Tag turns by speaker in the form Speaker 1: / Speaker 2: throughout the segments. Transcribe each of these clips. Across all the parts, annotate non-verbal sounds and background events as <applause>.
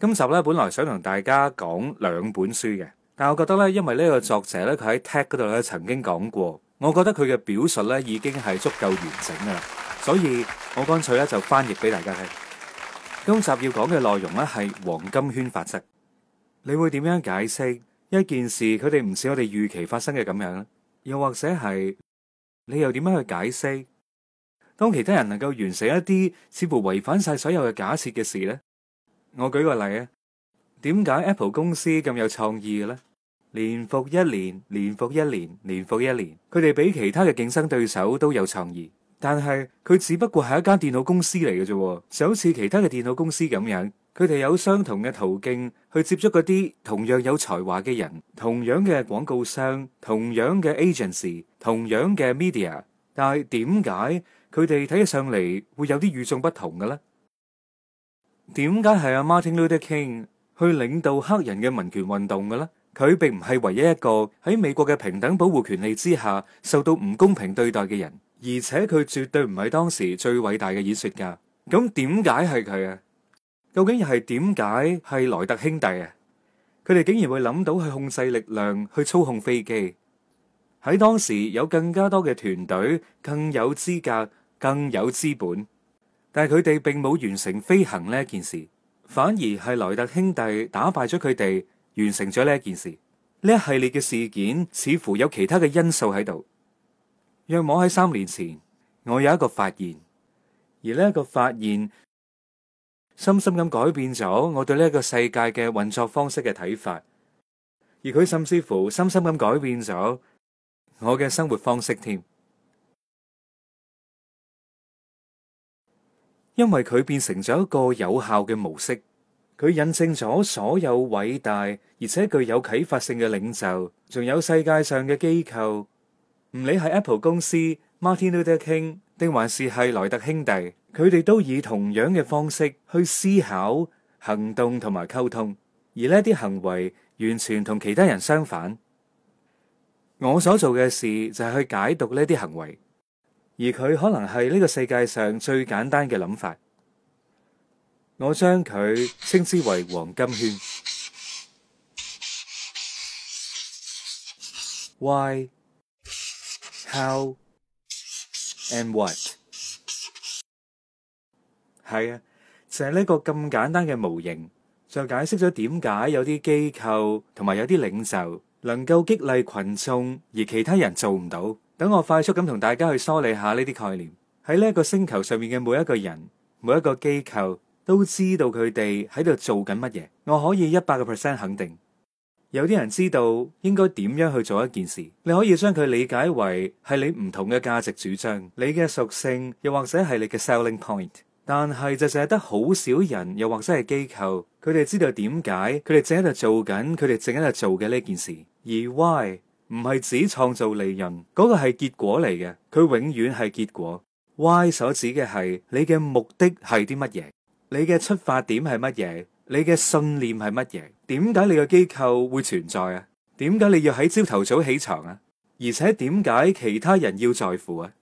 Speaker 1: 今集咧本來想同大家講兩本書嘅，但我覺得咧，因為呢個作者咧佢喺 TED 嗰度咧曾經講過，我覺得佢嘅表述咧已經係足夠完整㗎啦，所以我乾脆咧就翻譯俾大家聽。今集要講嘅內容咧係黃金圈法則，你會點樣解釋一件事佢哋唔似我哋預期發生嘅咁樣咧？又或者係你又點樣去解釋當其他人能夠完成一啲似乎違反晒所有嘅假設嘅事呢？我舉個例啊，點解 Apple 公司咁有創意嘅咧？年復一年，年復一年，年復一年，佢哋比其他嘅競爭對手都有創意，但係佢只不過係一間電腦公司嚟嘅啫，就好似其他嘅電腦公司咁樣，佢哋有相同嘅途徑去接觸嗰啲同樣有才華嘅人，同樣嘅廣告商，同樣嘅 agency，同樣嘅 media，但係點解佢哋睇起上嚟會有啲與眾不同嘅咧？點解係阿 Martin Luther King 去領導黑人嘅民權運動嘅咧？佢並唔係唯一一個喺美國嘅平等保護權利之下受到唔公平對待嘅人，而且佢絕對唔係當時最偉大嘅演說家。咁點解係佢啊？究竟又係點解係萊特兄弟啊？佢哋竟然會諗到去控制力量，去操控飛機。喺當時有更加多嘅團隊，更有資格，更有資本。但係佢哋並冇完成飛行呢一件事，反而係萊特兄弟打敗咗佢哋，完成咗呢一件事。呢一系列嘅事件似乎有其他嘅因素喺度。約莫喺三年前，我有一個發現，而呢一個發現深深咁改變咗我對呢一個世界嘅運作方式嘅睇法，而佢甚至乎深深咁改變咗我嘅生活方式添。因為佢變成咗一個有效嘅模式，佢印證咗所有偉大而且具有啟發性嘅領袖，仲有世界上嘅機構，唔理係 Apple 公司、Martin Luther King、定還是係萊特兄弟，佢哋都以同樣嘅方式去思考、行動同埋溝通，而呢啲行為完全同其他人相反。我所做嘅事就係去解讀呢啲行為。而佢可能係呢個世界上最簡單嘅諗法，我將佢稱之為黃金圈。Why, how and what？係啊，就係呢個咁簡單嘅模型，就解釋咗點解有啲機構同埋有啲領袖能夠激勵群眾，而其他人做唔到。等我快速咁同大家去梳理下呢啲概念，喺呢一個星球上面嘅每一個人、每一個機構都知道佢哋喺度做緊乜嘢。我可以一百個 percent 肯定，有啲人知道應該點樣去做一件事。你可以將佢理解為係你唔同嘅價值主張、你嘅屬性，又或者係你嘅 selling point。但係就剩係得好少人，又或者係機構，佢哋知道點解佢哋正喺度做緊，佢哋正喺度做嘅呢件事。而 why？唔係指創造利潤，嗰個係結果嚟嘅，佢永遠係結果。Y 所指嘅係你嘅目的係啲乜嘢？你嘅出發點係乜嘢？你嘅信念係乜嘢？點解你個機構會存在啊？點解你要喺朝頭早起床啊？而且點解其他人要在乎啊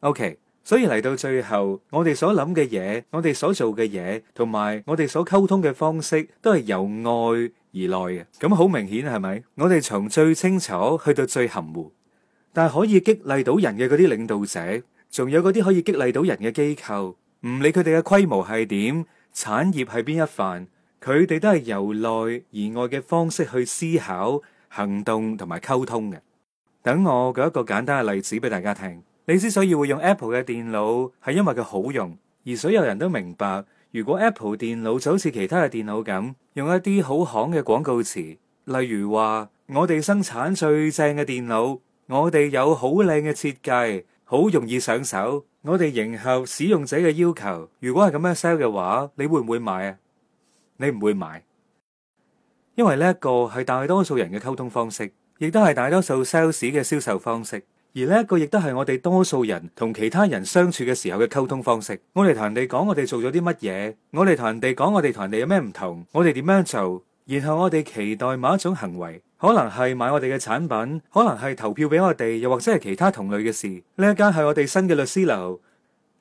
Speaker 1: ？OK，所以嚟到最後，我哋所諗嘅嘢，我哋所做嘅嘢，同埋我哋所溝通嘅方式，都係由愛。而內嘅，咁好明顯係咪？我哋從最清楚去到最含糊，但係可以激勵到人嘅嗰啲領導者，仲有嗰啲可以激勵到人嘅機構，唔理佢哋嘅規模係點，產業係邊一番，佢哋都係由內而外嘅方式去思考、行動同埋溝通嘅。等我舉一個簡單嘅例子俾大家聽。你之所以會用 Apple 嘅電腦，係因為佢好用，而所有人都明白。如果 Apple 電腦就好似其他嘅電腦咁，用一啲好行嘅廣告詞，例如話我哋生產最正嘅電腦，我哋有好靚嘅設計，好容易上手，我哋迎合使用者嘅要求。如果係咁樣 sell 嘅話，你會唔會買啊？你唔會買，因為呢一個係大多數人嘅溝通方式，亦都係大多數 sales 嘅銷售方式。而呢一個亦都係我哋多數人同其他人相處嘅時候嘅溝通方式。我哋同人哋講我哋做咗啲乜嘢，我哋同人哋講我哋同人哋有咩唔同，我哋點樣做，然後我哋期待某一種行為，可能係買我哋嘅產品，可能係投票俾我哋，又或者係其他同類嘅事。呢一間係我哋新嘅律師樓，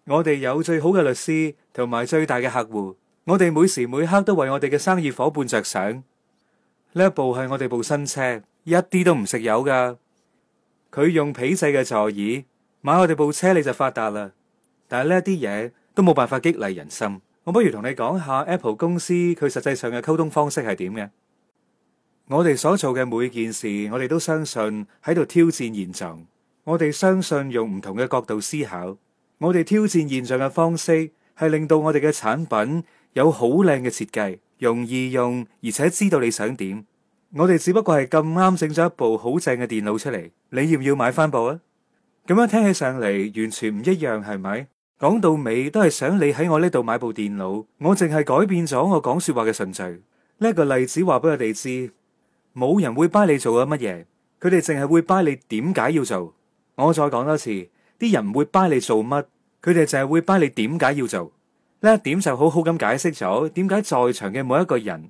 Speaker 1: 我哋有最好嘅律師同埋最大嘅客戶，我哋每時每刻都為我哋嘅生意夥伴着想。呢一部係我哋部新車，一啲都唔食油噶。.佢用皮製嘅座椅，買我哋部車，你就發達啦，但係呢啲嘢都冇辦法激勵人心。我不如同你講下 Apple 公司佢實際上嘅溝通方式係點嘅？我哋所做嘅每件事，我哋都相信喺度挑戰現狀。我哋相信用唔同嘅角度思考。我哋挑戰現象嘅方式係令到我哋嘅產品有好靚嘅設計，容易用而且知道你想點。我哋只不過係咁啱整咗一部好正嘅電腦出嚟，你要唔要買翻部啊？咁樣聽起上嚟完全唔一樣，係咪？講到尾都係想你喺我呢度買部電腦，我淨係改變咗我講說話嘅順序。呢一個例子話俾我哋知，冇人會 buy 你做咗乜嘢，佢哋淨係會 buy 你點解要做。我再講多次，啲人唔會 buy 你做乜，佢哋淨係會 buy 你點解要做。呢一點就好好咁解釋咗，點解在場嘅每一個人。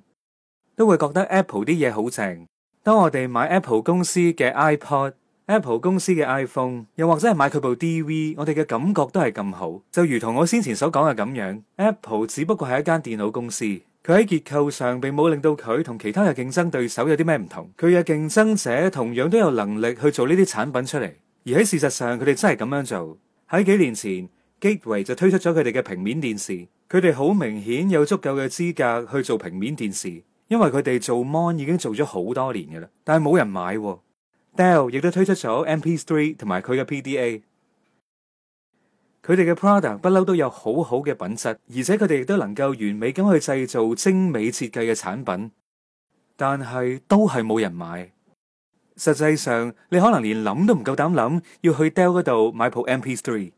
Speaker 1: 都會覺得 Apple 啲嘢好正。當我哋買 Apple 公司嘅 iPod、Apple 公司嘅 iPhone，又或者係買佢部 DV，我哋嘅感覺都係咁好。就如同我先前所講嘅咁樣，Apple 只不過係一間電腦公司，佢喺結構上並冇令到佢同其他嘅競爭對手有啲咩唔同。佢嘅競爭者同樣都有能力去做呢啲產品出嚟，而喺事實上佢哋真係咁樣做。喺幾年前，Gateway 就推出咗佢哋嘅平面電視，佢哋好明顯有足夠嘅資格去做平面電視。因為佢哋做 mon 已經做咗好多年嘅啦，但係冇人買。Dell 亦都推出咗 MP3 同埋佢嘅 PDA。佢哋嘅 product 不嬲都有好好嘅品質，而且佢哋亦都能夠完美咁去製造精美設計嘅產品，但係都係冇人買。實際上，你可能連諗都唔夠膽諗要去 Dell 嗰度買部 MP3。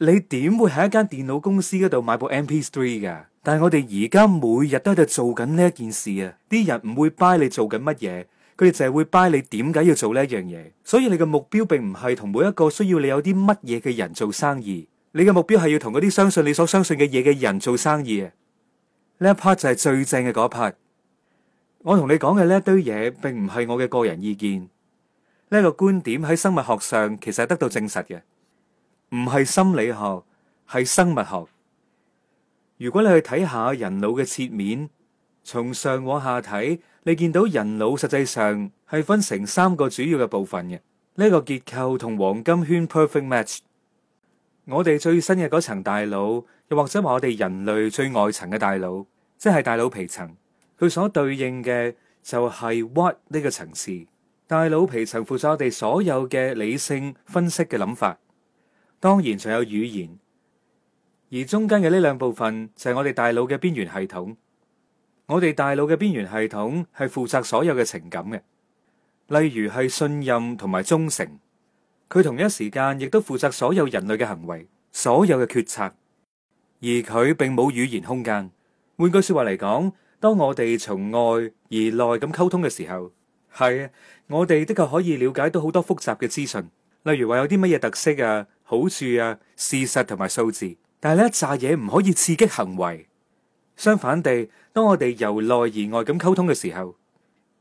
Speaker 1: 你點會喺一間電腦公司嗰度買部 MP3 㗎？但係我哋而家每日都喺度做緊呢一件事啊！啲人唔會 buy 你做緊乜嘢，佢哋淨係會 buy 你點解要做呢一樣嘢。所以你嘅目標並唔係同每一個需要你有啲乜嘢嘅人做生意，你嘅目標係要同嗰啲相信你所相信嘅嘢嘅人做生意啊！呢一 part 就係最正嘅嗰一 part。我同你講嘅呢一堆嘢，並唔係我嘅個人意見。呢個觀點喺生物學上，其實係得到證實嘅。唔係心理學，係生物學。如果你去睇下人腦嘅切面，從上往下睇，你見到人腦實際上係分成三個主要嘅部分嘅，呢個結構同黃金圈 perfect match。我哋最新嘅嗰層大腦，又或者話我哋人類最外層嘅大腦，即係大腦皮層，佢所對應嘅就係 what 呢個層次。大腦皮層負責我哋所有嘅理性分析嘅諗法。當然，仲有語言，而中間嘅呢兩部分就係我哋大腦嘅邊緣系統。我哋大腦嘅邊緣系統係負責所有嘅情感嘅，例如係信任同埋忠誠。佢同一時間亦都負責所有人類嘅行為，所有嘅決策。而佢並冇語言空間。換句說話嚟講，當我哋從外而內咁溝通嘅時候，係我哋的確可以了解到好多複雜嘅資訊，例如話有啲乜嘢特色啊。好處啊，事實同埋數字，但係呢一紮嘢唔可以刺激行為。相反地，當我哋由內而外咁溝通嘅時候，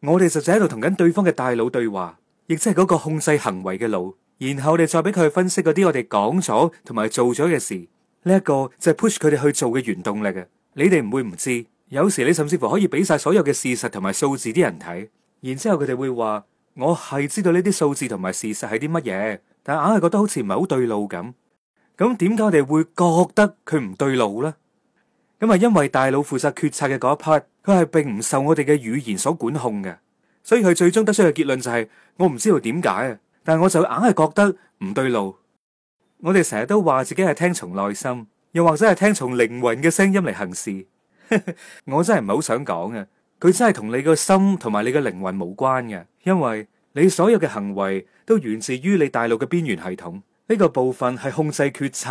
Speaker 1: 我哋實際喺度同緊對方嘅大腦對話，亦即係嗰個控制行為嘅腦。然後我哋再俾佢分析嗰啲我哋講咗同埋做咗嘅事，呢一個就係 push 佢哋去做嘅原動力嘅。你哋唔會唔知，有時你甚至乎可以俾晒所有嘅事實同埋數字啲人睇，然之後佢哋會話：我係知道呢啲數字同埋事實係啲乜嘢。但係硬係覺得好似唔係好對路咁，咁點解我哋會覺得佢唔對路呢？咁啊，因為大腦負責決策嘅嗰一 part，佢係並唔受我哋嘅語言所管控嘅，所以佢最終得出嘅結論就係我唔知道點解啊，但係我就硬係覺得唔對路。我哋成日都話自己係聽從內心，又或者係聽從靈魂嘅聲音嚟行事，我真係唔係好想講啊！佢真係同你個心同埋你嘅靈魂無關嘅，因為。你所有嘅行為都源自於你大腦嘅邊緣系統，呢個部分係控制決策，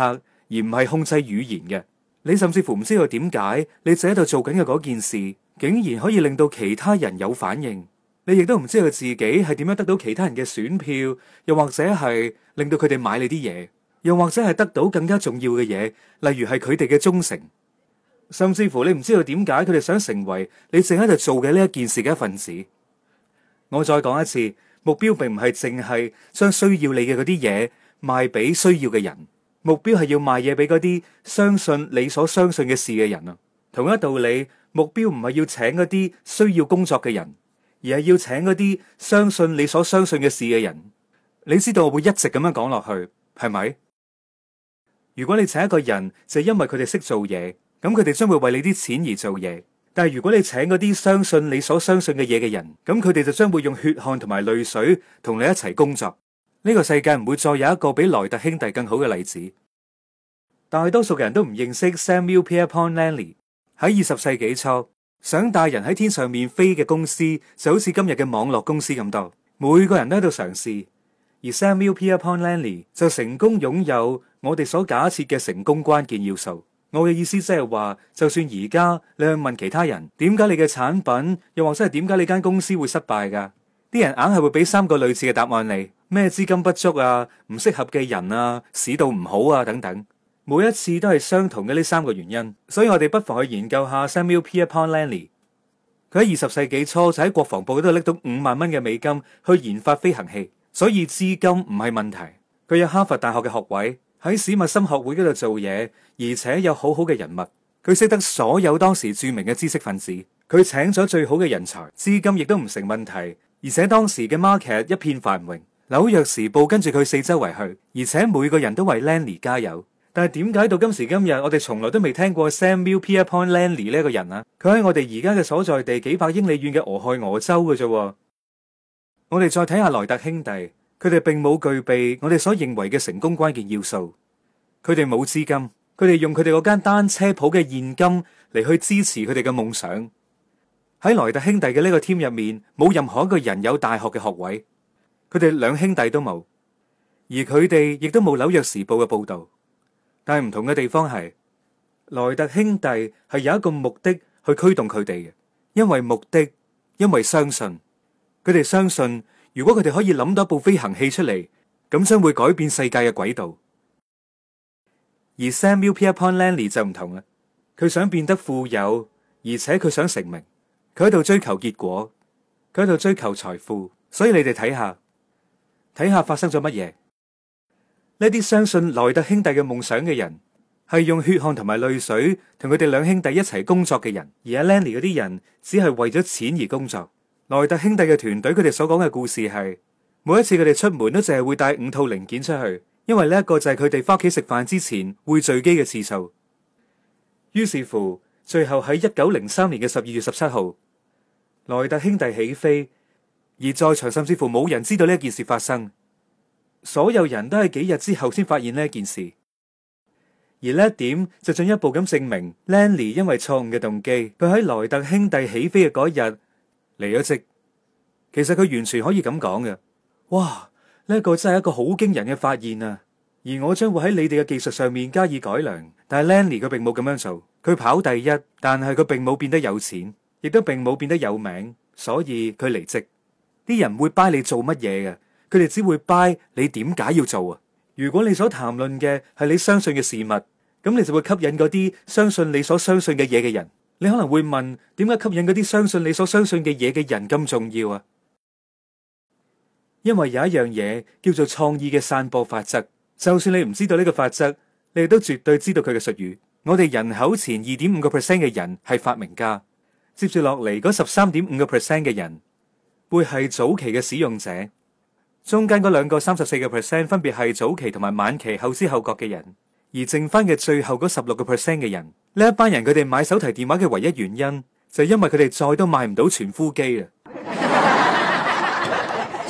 Speaker 1: 而唔係控制語言嘅。你甚至乎唔知道點解你正喺度做緊嘅嗰件事竟然可以令到其他人有反應。你亦都唔知道自己係點樣得到其他人嘅選票，又或者係令到佢哋買你啲嘢，又或者係得到更加重要嘅嘢，例如係佢哋嘅忠誠，甚至乎你唔知道點解佢哋想成為你正喺度做嘅呢一件事嘅一份子。我再講一次。目標並唔係淨係將需要你嘅嗰啲嘢賣俾需要嘅人，目標係要賣嘢俾嗰啲相信你所相信嘅事嘅人啊。同一道理，目標唔係要請嗰啲需要工作嘅人，而係要請嗰啲相信你所相信嘅事嘅人。你知道我會一直咁樣講落去，係咪？如果你請一個人就係因為佢哋識做嘢，咁佢哋將會為你啲錢而做嘢。但係如果你請嗰啲相信你所相信嘅嘢嘅人，咁佢哋就將會用血汗同埋淚水同你一齊工作。呢、這個世界唔會再有一個比萊特兄弟更好嘅例子。大多數人都唔認識 Samuel Pierpont Langley，喺二十世紀初想帶人喺天上面飛嘅公司，就好似今日嘅網絡公司咁多。每個人都喺度嘗試，而 Samuel Pierpont Langley 就成功擁有我哋所假設嘅成功關鍵要素。我嘅意思即係話，就算而家你去問其他人，點解你嘅產品，又或者係點解你間公司會失敗噶？啲人硬係會俾三個類似嘅答案你：咩資金不足啊，唔適合嘅人啊，市道唔好啊等等，每一次都係相同嘅呢三個原因。所以我哋不妨去研究下 Samuel Pierpont Langley，佢喺二十世紀初就喺國防部嗰度拎到五萬蚊嘅美金去研發飛行器，所以資金唔係問題。佢有哈佛大學嘅學位。喺史密森學會嗰度做嘢，而且有好好嘅人物。佢識得所有當時著名嘅知識分子，佢請咗最好嘅人才，資金亦都唔成問題，而且當時嘅 market 一片繁榮，《紐約時報》跟住佢四周圍去，而且每個人都為 Lenny 加油。但係點解到今時今日，我哋從來都未聽過 Samuel Pierpont Lenny 呢一個人啊？佢喺我哋而家嘅所在地幾百英里遠嘅俄亥俄州嘅啫。我哋再睇下萊特兄弟。佢哋並冇具備我哋所認為嘅成功關鍵要素，佢哋冇資金，佢哋用佢哋嗰間單車鋪嘅現金嚟去支持佢哋嘅夢想。喺萊特兄弟嘅呢個 team 入面，冇任何一個人有大學嘅學位，佢哋兩兄弟都冇，而佢哋亦都冇紐約時報嘅報道。但係唔同嘅地方係，萊特兄弟係有一個目的去驅動佢哋嘅，因為目的，因為相信，佢哋相信。如果佢哋可以諗到部飛行器出嚟，咁將會改變世界嘅軌道。而 Samuel Pierpont Langley 就唔同啦，佢想變得富有，而且佢想成名，佢喺度追求結果，佢喺度追求財富。所以你哋睇下，睇下發生咗乜嘢？呢啲相信萊特兄弟嘅夢想嘅人，係用血汗同埋淚水同佢哋兩兄弟一齊工作嘅人，而阿 Langley 嗰啲人只係為咗錢而工作。萊特兄弟嘅團隊，佢哋所講嘅故事係，每一次佢哋出門都淨係會帶五套零件出去，因為呢一個就係佢哋翻屋企食飯之前會墜機嘅次數。於是乎，最後喺一九零三年嘅十二月十七號，萊特兄弟起飛，而在場甚至乎冇人知道呢一件事發生，所有人都係幾日之後先發現呢一件事。而呢一點就進一步咁證明，Lenny 因為錯誤嘅動機，佢喺萊特兄弟起飛嘅嗰日，離咗職，其實佢完全可以咁講嘅。哇，呢、這個、一個真係一個好驚人嘅發現啊！而我將會喺你哋嘅技術上面加以改良。但係 Langley 佢並冇咁樣做，佢跑第一，但係佢並冇變得有錢，亦都並冇變得有名，所以佢離職。啲人唔會 buy 你做乜嘢嘅，佢哋只會 buy 你點解要做啊。如果你所談論嘅係你相信嘅事物，咁你就會吸引嗰啲相信你所相信嘅嘢嘅人。你可能會問，點解吸引嗰啲相信你所相信嘅嘢嘅人咁重要啊？因為有一樣嘢叫做創意嘅散播法則。就算你唔知道呢個法則，你都絕對知道佢嘅術語。我哋人口前二點五個 percent 嘅人係發明家，接住落嚟嗰十三點五個 percent 嘅人會係早期嘅使用者，中間嗰兩個三十四個 percent 分別係早期同埋晚期後知後覺嘅人。而剩翻嘅最後嗰十六個 percent 嘅人，呢一班人佢哋買手提電話嘅唯一原因，就係、是、因為佢哋再都買唔到傳呼機啦。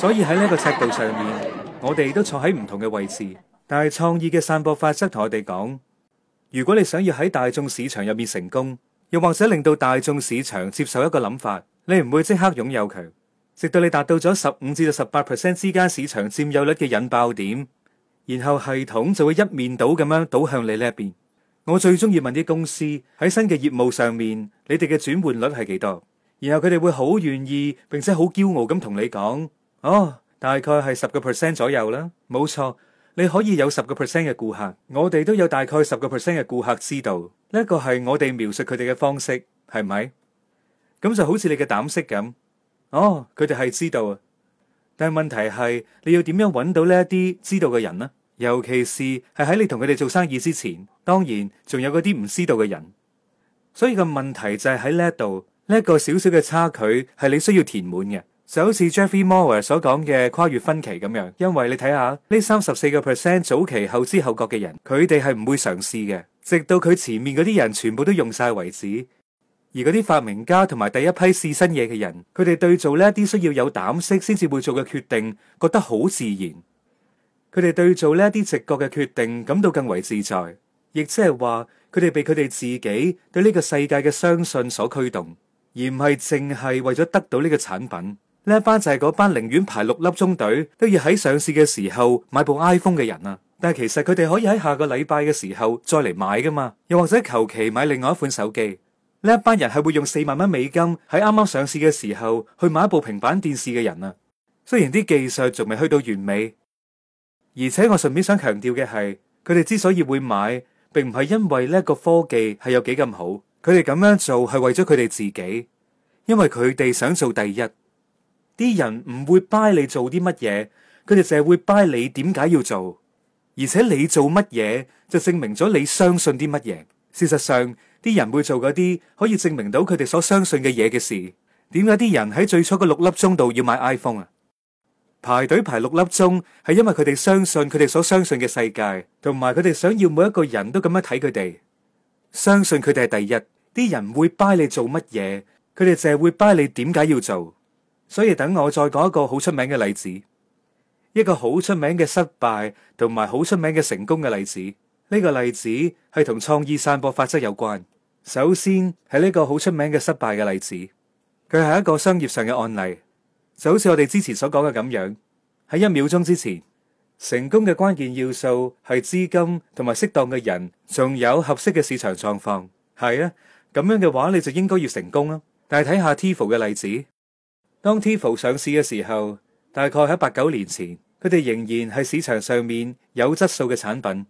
Speaker 1: <laughs> 所以喺呢個尺度上面，我哋都坐喺唔同嘅位置。但係創意嘅散播法則同我哋講：如果你想要喺大眾市場入面成功，又或者令到大眾市場接受一個諗法，你唔會即刻擁有佢，直到你達到咗十五至到十八 percent 之間市場佔有率嘅引爆點。然後系統就會一面倒咁樣倒向你呢一邊。我最中意問啲公司喺新嘅業務上面，你哋嘅轉換率係幾多？然後佢哋會好願意並且好驕傲咁同你講：哦，大概係十個 percent 左右啦。冇錯，你可以有十個 percent 嘅顧客，我哋都有大概十個 percent 嘅顧客知道呢一個係我哋描述佢哋嘅方式，係咪？咁就好似你嘅膽識咁。哦，佢哋係知道啊，但係問題係你要點樣搵到呢一啲知道嘅人呢？尤其是係喺你同佢哋做生意之前，當然仲有嗰啲唔知道嘅人，所以個問題就係喺呢度，呢一個小小嘅差距係你需要填滿嘅，就好似 Jeffrey Moore 所講嘅跨越分歧咁樣。因為你睇下呢三十四個 percent 早期後知後覺嘅人，佢哋係唔會嘗試嘅，直到佢前面嗰啲人全部都用晒為止。而嗰啲發明家同埋第一批試新嘢嘅人，佢哋對做呢啲需要有膽識先至會做嘅決定，覺得好自然。佢哋對做呢啲直覺嘅決定感到更為自在，亦即係話佢哋被佢哋自己對呢個世界嘅相信所驅動，而唔係淨係為咗得到呢個產品。呢一班就係嗰班寧願排六粒鐘隊都要喺上市嘅時候買部 iPhone 嘅人啊！但係其實佢哋可以喺下個禮拜嘅時候再嚟買㗎嘛，又或者求其買另外一款手機。呢一班人係會用四萬蚊美金喺啱啱上市嘅時候去買一部平板電視嘅人啊！雖然啲技術仲未去到完美。而且我順便想強調嘅係，佢哋之所以會買，並唔係因為呢個科技係有幾咁好，佢哋咁樣做係為咗佢哋自己，因為佢哋想做第一。啲人唔會 buy 你做啲乜嘢，佢哋淨係會 buy 你點解要做，而且你做乜嘢就證明咗你相信啲乜嘢。事實上，啲人會做嗰啲可以證明到佢哋所相信嘅嘢嘅事。點解啲人喺最初嘅六粒鐘度要買 iPhone 啊？排隊排六粒鐘，係因為佢哋相信佢哋所相信嘅世界，同埋佢哋想要每一個人都咁樣睇佢哋，相信佢哋係第一。啲人會掰你做乜嘢？佢哋淨係會掰你點解要做。所以等我再講一個好出名嘅例子，一個好出名嘅失敗同埋好出名嘅成功嘅例子。呢個例子係同創意散播法則有關。首先係呢個好出名嘅失敗嘅例子，佢係一個商業上嘅案例。就好似我哋之前所講嘅咁樣，喺一秒鐘之前，成功嘅關鍵要素係資金同埋適當嘅人，仲有合適嘅市場狀況。係啊，咁樣嘅話你就應該要成功啊。但係睇下 TiVo 嘅例子，當 TiVo 上市嘅時候，大概喺八九年前，佢哋仍然係市場上面有質素嘅產品。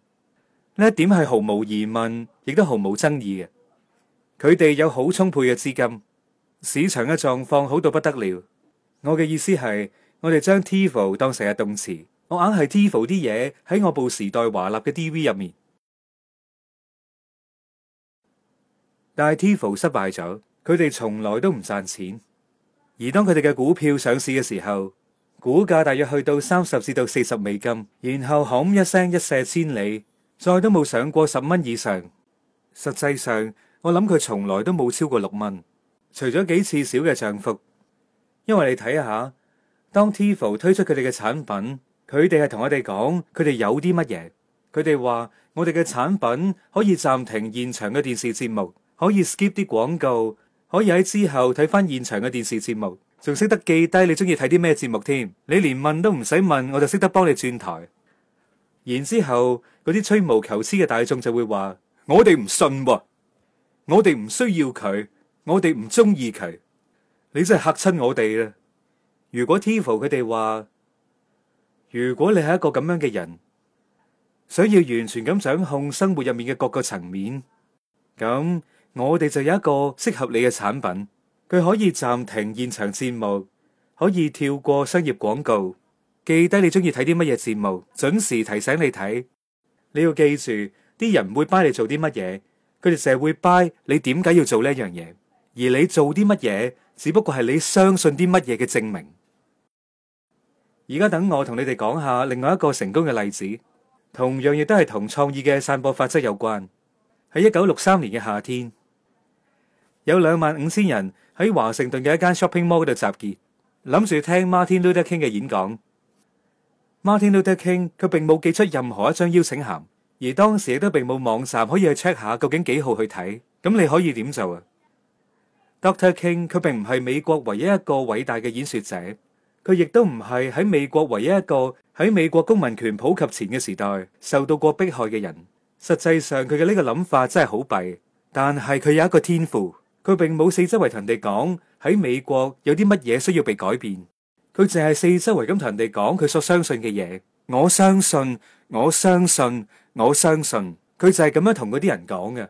Speaker 1: 呢一點係毫無疑問，亦都毫無爭議嘅。佢哋有好充沛嘅資金，市場嘅狀況好到不得了。我嘅意思係，我哋將 Tivo 當成一動詞，我硬係 Tivo 啲嘢喺我部時代華納嘅 D V 入面。但係 Tivo 失敗咗，佢哋從來都唔賺錢。而當佢哋嘅股票上市嘅時候，股價大約去到三十至到四十美金，然後喊一聲一瀉千里，再都冇上過十蚊以上。實際上，我諗佢從來都冇超過六蚊，除咗幾次小嘅漲幅。因為你睇下，當 TiVo 推出佢哋嘅產品，佢哋係同我哋講佢哋有啲乜嘢。佢哋話我哋嘅產品可以暫停現場嘅電視節目，可以 skip 啲廣告，可以喺之後睇翻現場嘅電視節目，仲識得記低你中意睇啲咩節目添。你連問都唔使問，我就識得幫你轉台。然之後嗰啲吹毛求疵嘅大眾就會話，嗯啊，我哋唔信，我哋唔需要佢，我哋唔中意佢。你真係嚇親我哋啦！如果 TiVo 佢哋話，如果你係一個咁樣嘅人，想要完全咁掌控生活入面嘅各個層面，咁我哋就有一個適合你嘅產品，佢可以暫停現場節目，可以跳過商業廣告，記低你中意睇啲乜嘢節目，準時提醒你睇。你要記住，啲人唔會 buy 你做啲乜嘢，佢哋成日會 buy 你點解要做呢一樣嘢，而你做啲乜嘢？只不過係你相信啲乜嘢嘅證明。而家等我同你哋講下另外一個成功嘅例子，同樣亦都係同創意嘅散播法則有關。喺一九六三年嘅夏天，有兩萬五千人喺華盛頓嘅一間 shopping mall 度集結，諗住聽 Martin Luther King 嘅演講。Martin Luther King 佢並冇寄出任何一張邀請函，而當時亦都並冇網站可以去 check 下究竟幾號去睇？咁你可以點做啊？Dr. King 佢並唔係美國唯一一個偉大嘅演說者，佢亦都唔係喺美國唯一一個喺美國公民權普及前嘅時代受到過迫害嘅人。實際上佢嘅呢個諗法真係好弊，但係佢有一個天賦，佢並冇四周圍同人哋講喺美國有啲乜嘢需要被改變，佢淨係四周圍咁同人哋講佢所相信嘅嘢。我相信，我相信，我相信，佢就係咁樣同嗰啲人講嘅。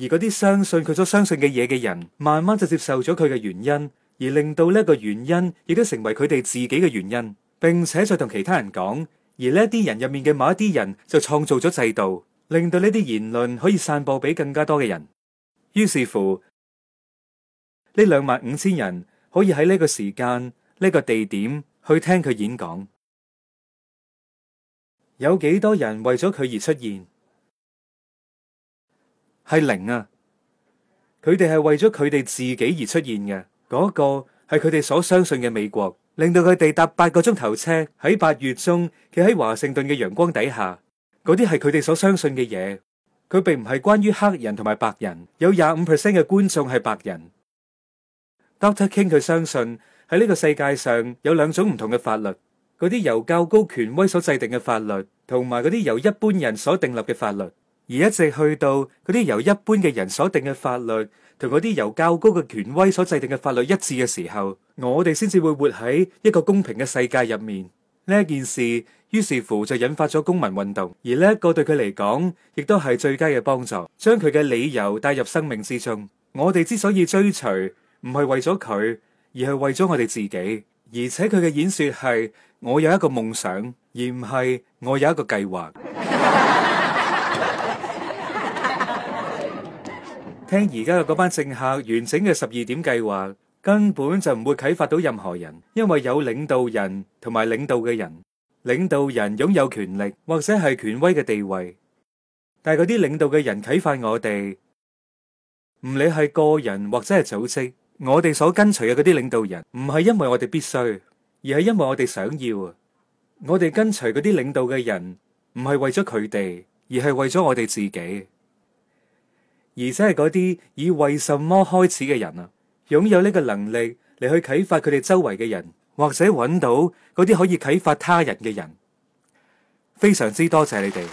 Speaker 1: 而嗰啲相信佢所相信嘅嘢嘅人，慢慢就接受咗佢嘅原因，而令到呢個原因亦都成為佢哋自己嘅原因，並且再同其他人講。而呢啲人入面嘅某一啲人，就創造咗制度，令到呢啲言論可以散播俾更加多嘅人。於是乎，呢兩萬五千人可以喺呢個時間、呢個地點去聽佢演講。有幾多人為咗佢而出現？係零啊！佢哋係為咗佢哋自己而出現嘅。嗰個係佢哋所相信嘅美國，令到佢哋搭八個鐘頭車喺八月中，企喺華盛頓嘅陽光底下。嗰啲係佢哋所相信嘅嘢。佢並唔係關於黑人同埋白人。有廿五 percent 嘅觀眾係白人。Dr. King 佢相信喺呢個世界上有兩種唔同嘅法律，嗰啲由較高權威所制定嘅法律，同埋嗰啲由一般人所訂立嘅法律。而一直去到嗰啲由一般嘅人所定嘅法律同嗰啲由較高嘅權威所制定嘅法律一致嘅時候，我哋先至會活喺一個公平嘅世界入面。呢一件事，於是乎就引發咗公民運動。而呢一個對佢嚟講，亦都係最佳嘅幫助，將佢嘅理由帶入生命之中。我哋之所以追隨，唔係為咗佢，而係為咗我哋自己。而且佢嘅演說係我有一個夢想，而唔係我有一個計劃。聽而家嘅嗰班政客完整嘅十二點計劃，根本就唔會啟發到任何人，因為有領導人同埋領導嘅人，領導人擁有權力或者係權威嘅地位，但係嗰啲領導嘅人啟發我哋，唔理係個人或者係組織，我哋所跟隨嘅嗰啲領導人，唔係因為我哋必須，而係因為我哋想要啊，我哋跟隨嗰啲領導嘅人，唔係為咗佢哋，而係為咗我哋自己。而且係嗰啲以為什麼開始嘅人啊，擁有呢個能力嚟去啟發佢哋周圍嘅人，或者揾到嗰啲可以啟發他人嘅人。非常之多謝你哋。